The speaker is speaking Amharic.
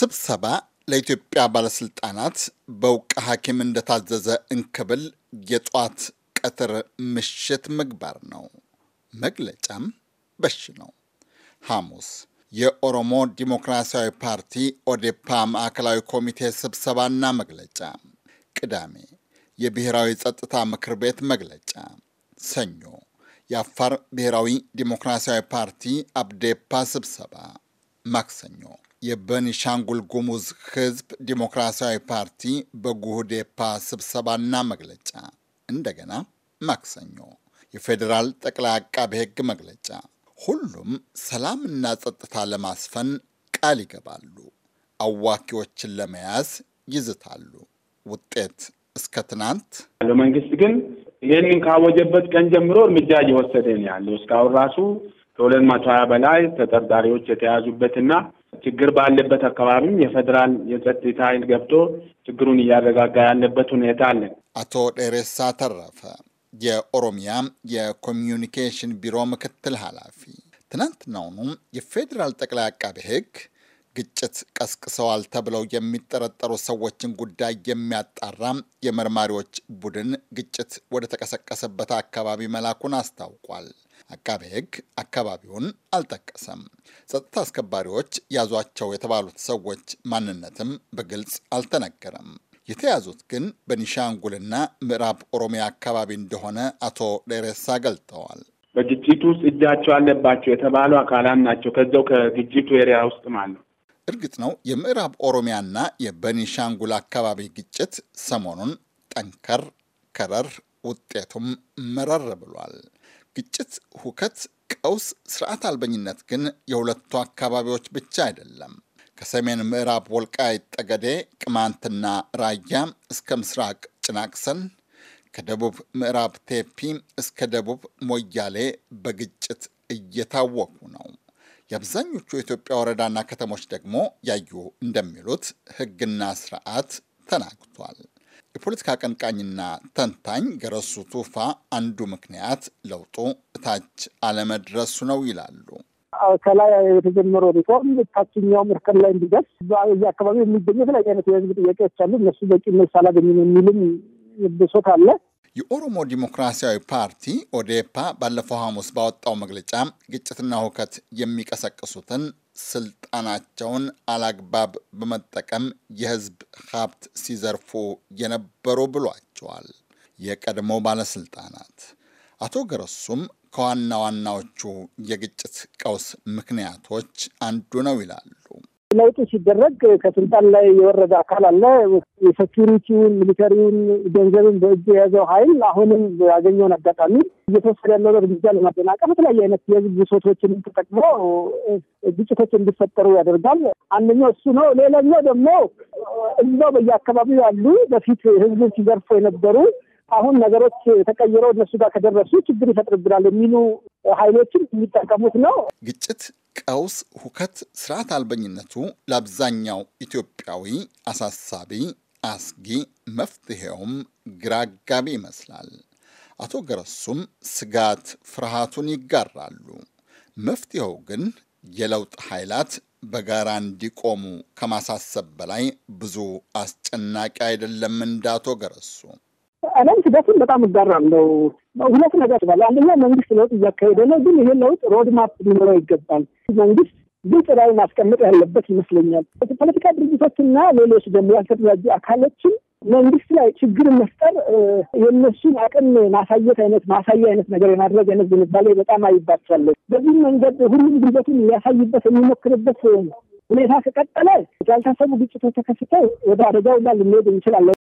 ስብሰባ ለኢትዮጵያ ባለስልጣናት በውቅ ሐኪም እንደታዘዘ እንክብል የጧት ቀትር ምሽት ምግባር ነው። መግለጫም በሽ ነው። ሐሙስ የኦሮሞ ዲሞክራሲያዊ ፓርቲ ኦዴፓ ማዕከላዊ ኮሚቴ ስብሰባና መግለጫ፣ ቅዳሜ የብሔራዊ ጸጥታ ምክር ቤት መግለጫ፣ ሰኞ የአፋር ብሔራዊ ዲሞክራሲያዊ ፓርቲ አብዴፓ ስብሰባ፣ ማክሰኞ የበኒሻንጉል ጉሙዝ ህዝብ ዲሞክራሲያዊ ፓርቲ በጉህዴፓ ስብሰባና መግለጫ፣ እንደገና ማክሰኞ የፌዴራል ጠቅላይ አቃቤ ህግ መግለጫ። ሁሉም ሰላምና ጸጥታ ለማስፈን ቃል ይገባሉ፣ አዋኪዎችን ለመያዝ ይዝታሉ። ውጤት እስከ ትናንት ለመንግስት ግን ይህንን ካወጀበት ቀን ጀምሮ እርምጃ እየወሰደን ነው ያለው። እስካሁን ራሱ ከሁለት መቶ ሀያ በላይ ተጠርጣሪዎች የተያዙበትና ችግር ባለበት አካባቢም የፌዴራል የጸጥታ ኃይል ገብቶ ችግሩን እያረጋጋ ያለበት ሁኔታ አለ። አቶ ደሬሳ ተረፈ የኦሮሚያ የኮሚዩኒኬሽን ቢሮ ምክትል ኃላፊ ትናንትናውኑ የፌዴራል ጠቅላይ አቃቤ ሕግ ግጭት ቀስቅሰዋል ተብለው የሚጠረጠሩ ሰዎችን ጉዳይ የሚያጣራ የመርማሪዎች ቡድን ግጭት ወደ ተቀሰቀሰበት አካባቢ መላኩን አስታውቋል። አቃቤ ሕግ አካባቢውን አልጠቀሰም። ጸጥታ አስከባሪዎች ያዟቸው የተባሉት ሰዎች ማንነትም በግልጽ አልተነገረም። የተያዙት ግን በኒሻንጉልና ምዕራብ ኦሮሚያ አካባቢ እንደሆነ አቶ ደሬሳ ገልጠዋል። በግጭቱ ውስጥ እጃቸው አለባቸው የተባሉ አካላት ናቸው። ከዚያው ከግጭቱ ኤሪያ ውስጥ ማለት ነው። እርግጥ ነው የምዕራብ ኦሮሚያና የበኒሻንጉል አካባቢ ግጭት ሰሞኑን ጠንከር ከረር ውጤቱም መረር ብሏል። ግጭት፣ ሁከት፣ ቀውስ፣ ስርዓት አልበኝነት ግን የሁለቱ አካባቢዎች ብቻ አይደለም። ከሰሜን ምዕራብ ወልቃይት ጠገዴ፣ ቅማንትና ራያ እስከ ምስራቅ ጭናቅሰን፣ ከደቡብ ምዕራብ ቴፒ እስከ ደቡብ ሞያሌ በግጭት እየታወቁ ነው። የአብዛኞቹ የኢትዮጵያ ወረዳና ከተሞች ደግሞ ያዩ እንደሚሉት ህግና ስርዓት ተናግቷል። የፖለቲካ አቀንቃኝና ተንታኝ ገረሱ ቱፋ አንዱ ምክንያት ለውጡ እታች አለመድረሱ ነው ይላሉ። ከላይ የተጀመረው ሪፎርም ታችኛውም እርከን ላይ እንዲደርስ እዛ አካባቢ የሚገኙ የተለያዩ አይነት የህዝብ ጥያቄዎች አሉ። እነሱ በቂ መልስ አላገኙም የሚልም ብሶት አለ። የኦሮሞ ዲሞክራሲያዊ ፓርቲ ኦዴፓ ባለፈው ሐሙስ ባወጣው መግለጫ ግጭትና ሁከት የሚቀሰቅሱትን ስልጣናቸውን አላግባብ በመጠቀም የህዝብ ሀብት ሲዘርፉ የነበሩ ብሏቸዋል። የቀድሞ ባለስልጣናት አቶ ገረሱም ከዋና ዋናዎቹ የግጭት ቀውስ ምክንያቶች አንዱ ነው ይላሉ። ለውጡ ሲደረግ ከስልጣን ላይ የወረደ አካል አለ። የሴኪሪቲውን ሚሊተሪውን፣ ገንዘብን በእጁ የያዘው ኃይል አሁንም ያገኘውን አጋጣሚ እየተወሰደ ያለው እርምጃ ለማደናቀፍ የተለያየ አይነት የህዝብ ብሶቶችን ተጠቅሞ ግጭቶች እንዲፈጠሩ ያደርጋል። አንደኛው እሱ ነው። ሌላኛው ደግሞ እዛው በየአካባቢው ያሉ በፊት ህዝብ ሲዘርፎ የነበሩ አሁን ነገሮች ተቀይረው እነሱ ጋር ከደረሱ ችግር ይፈጥርብናል የሚሉ ኃይሎችን የሚጠቀሙት ነው። ግጭት ቀውስ፣ ሁከት፣ ስርዓት አልበኝነቱ ለአብዛኛው ኢትዮጵያዊ አሳሳቢ፣ አስጊ፣ መፍትሄውም ግራጋቢ ይመስላል። አቶ ገረሱም ስጋት ፍርሃቱን ይጋራሉ። መፍትሄው ግን የለውጥ ኃይላት በጋራ እንዲቆሙ ከማሳሰብ በላይ ብዙ አስጨናቂ አይደለም። እንዳቶ ገረሱ አለም ስደትን በጣም እጋራለሁ። ሁለት ነገር ባለ አንደኛ መንግስት ለውጥ እያካሄደ ነው፣ ግን ይሄ ለውጥ ሮድማፕ ሊኖረው ይገባል። መንግስት ግልጽ ላይ ማስቀመጥ ያለበት ይመስለኛል። ፖለቲካ ድርጅቶችና ሌሎች ደግሞ ያልተደራጁ አካሎችም መንግስት ላይ ችግር መፍጠር የነሱን አቅም ማሳየት አይነት ማሳያ አይነት ነገር የማድረግ አይነት ዝንባሌ በጣም አይባቸዋለሁ። በዚህም መንገድ ሁሉም ጉልበቱን ሊያሳይበት የሚሞክርበት ሁኔታ ከቀጠለ ያልታሰቡ ግጭቶች ተከስተው ወደ አደጋው ጋር ልንሄድ እንችላለን።